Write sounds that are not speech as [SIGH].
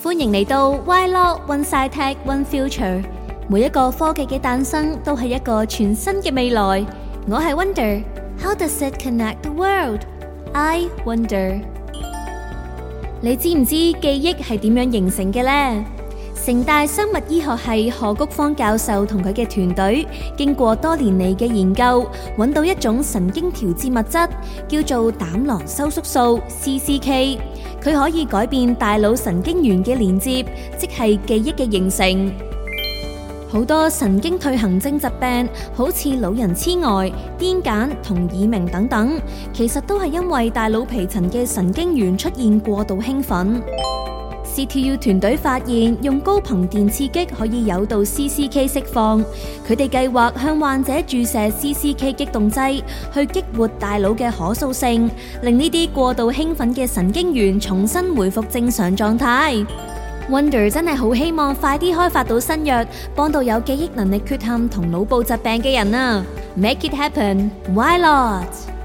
歡迎嚟到 YLO One Sci-Tech One Future。每一個科技嘅誕生都係一個全新嘅未來。我係 Wonder。How does it connect the world? I wonder。你知唔知記憶係點樣形成嘅呢？城大生物醫學系賀菊芳教授同佢嘅團隊經過多年嚟嘅研究，揾到一種神經調節物質，叫做膽囊收縮素 （CCK）。佢可以改變大腦神經元嘅連接，即係記憶嘅形成。好 [NOISE] 多神經退行性疾病，好似老人痴呆、癲癇同耳鳴等等，其實都係因為大腦皮層嘅神經元出現過度興奮。 [NOISE] CityU 團隊發現，用高頻電刺激可以誘導 CCK 釋放。佢哋計劃向患者注射 CCK 激動劑，去激活大腦嘅可塑性，令呢啲過度興奮嘅神經元重新回復正常狀態。Wonder 真係好希望快啲開發到新藥，幫到有記憶能力缺陷同腦部疾病嘅人啊！Make it happen. Why not?